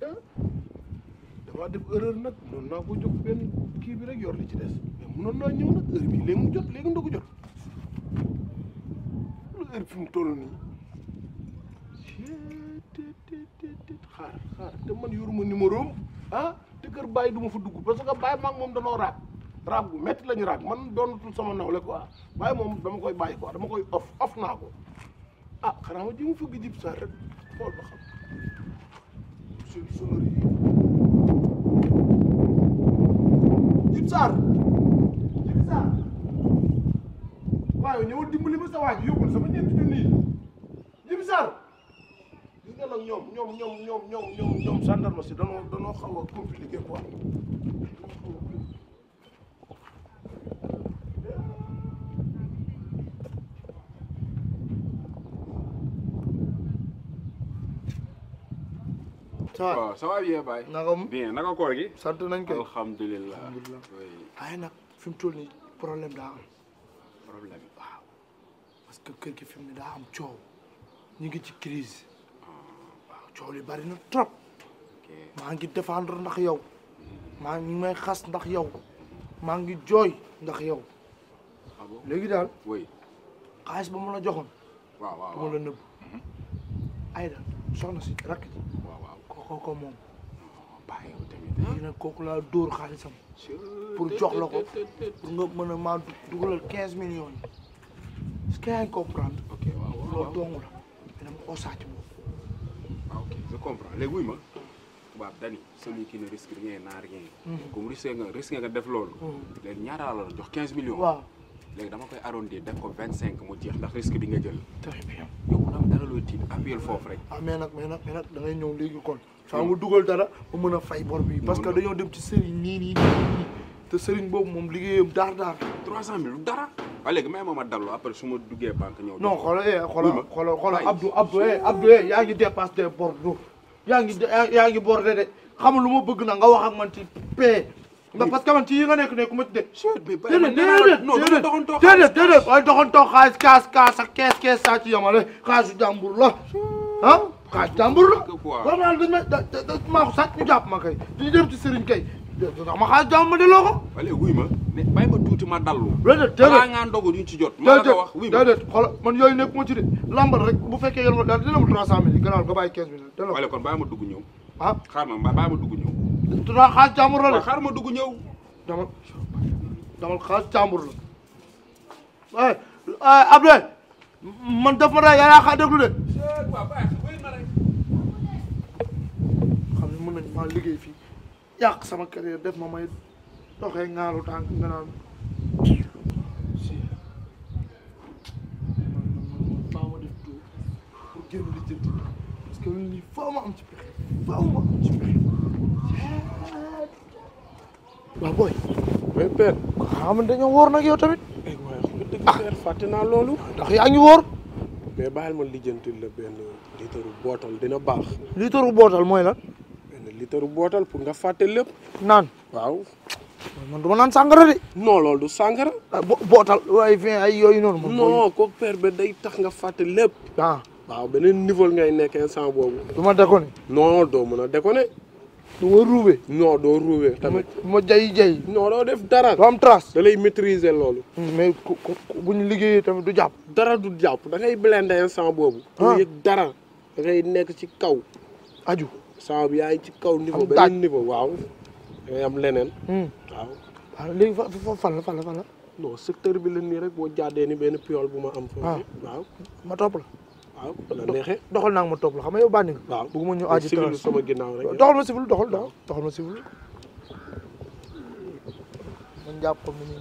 damaa def erreur nag noonu naa ko jox benn kii bi rek yor li ci des mais munoon naa ñëw nag heure bi léegi mu jot léegi nda jot lu heure fi mu toll nii xaar xaar te man yoruma numéro ah, te kër bàyyi du ma fa dugg parce que bàyyi maa moom danoo raag raag bu métti la ñu raag man doonatul sama nawle quoi bàyyi moom dama koy bàyyi quoi dama koy off off naa ko ah xanaa ma ji mu fëgg jib saar rek xool xam chauve-souris Djiby Sarr Djiby ma sa waa ji yóbbul sama ñeenti junni yi Djiby Sarr gis nga nag ñoom ñoom ñoom ñoom ñoom si danoo danoo xaw a compliqué quoi waaw ça va bien Baye. naka mu bien naka koor gi. sant nañ ko alhamdulilah alhamdulilah. nag fi mu toll nii problème daa am. problème waaw. parce que kër gi fi daa am coow. ñu ngi ci crise ah. coow li bari na trop. maa ngi défendre ndax yow. maa ngi may xas ndax yow. maa ngi jooy ndax yow. Ah léegi daal. oui xaalis ba mu la joxoon. waaw waaw waaw la nëbb. Mhm. si rakk kooko moom bàyyi kooku laa dóor xaalisam pour jox la ko pour nga mën a maa dugalal quinze millions yi est-ce que yaa loolu dong la mais dama koo sàcc moom ah ma tubaab dani celui qui ne risque rien n'a rien mhm. comme risque nga nga def loolu mhm. léegi ñaata la jox quinze millions waaw léegi dama koy arrondir def ko vingt cinq mu jeex ndax risque bi nga jël. très bien yow am dara looy tiit appuyé foofu rek. ah mais nag mais nag mais ñëw léegi kon. saa nga dugal dara ba mën a fay bor bi. parce que dañoo dem ci nii nii nii te sëriñ boobu moom liggéeyam daar daar. trois cent mille dara. waaye léegi may moom ma dallu après su ma duggee banque ñëw. non xoolal eh xoolal xoolal xoolal Abdou eh, eh, yaa ngi dépassé bor du yaa ngi yaa ngi bordé de xam lu ma bëgg na nga wax ak man ci ndax parce que man ci yi nga nekk ne ku ma tuddee. déedéet déedéet non déedéet déedéet déedéet waaye doxantoo xaalis kaas kaas ak kees kees saa ci yamale xaalisu jàmbur la ah xaalisu jàmbur la. waaw man dañ ma da da maa ko sàcc ñu jàpp ma kay duñu dem ci sëriñ kay. ndax ma xaalis jàmbur ma delloo ko. wala wuy ma mais bàyyi ma tuuti ma dallu. déedéet déedéet balaa ngaa ndogu duñ ci jot. ma la ko wax wuy ma déedéet xoolal man yooyu nekk moo ci de lambal rek bu fekkee yor ma daal dina ma 300000 gannaaw nga bàyyi 15000 delloo. wala kon bàyyi ma dugg ñëw. ah xaaral ma bàyyi ma dugg ñëw pourtant xaas jàmbur la de. xaar ma dugg ñëw. damal damal xaas jàmbur la. ay eh, eh, Abdoulaye man daf ma daal yaa ngi xaar déglu de. xam ya, mën nañu maa liggéey fii yàq sama carrière def ma may doxee ŋaaru tànk nga naan. parce que lii faaw ma am ci pexe faaw ma am waaw booy. mais père. ah dañoo wóor nag yow tamit. Eh, ah. fàtte naa loolu. ndax yaa ngi wóor. mais bàyyil ma lijjanti la benn litre bootal dina baax. litre bootal mooy lan. benn litre bootal pour nga fàtte lépp. naan waaw. man du naan sàngara de. non loolu du sàngara. Ah, bootal waaye fin ay yooyu noonu. moom non kooku père ba day tax nga fàtte lépp. ah waaw beneen niveau ngay nekk sans boobu. du ma déconné. non doo mën a déconné. du ma ñoo doo ruube tamit. ma jay jay non doo def dara. du am trace da lay loolu. Hmm, mais ku bu ñu liggéeyee tamit du jàpp. dara du jàpp da ngay blender instant boobu. ah dara nekk ci kaw. aju saa bi yaay ci kaw niveau. beneen niveau waaw. da am leneen. Hmm. waaw. waaw ah, léegi fa fan la secteur bi la nii rek boo jàddee ni benn piol bu ma am. waaw ah. waaw ma la. waaw la neexee doxal naa ma toog la xam nga yow bànni nga. waaw bëgguma ñu aaji civil sama ginnaaw rek doxal ma civil doxal doxal doxal ma civil. man jàpp comme ni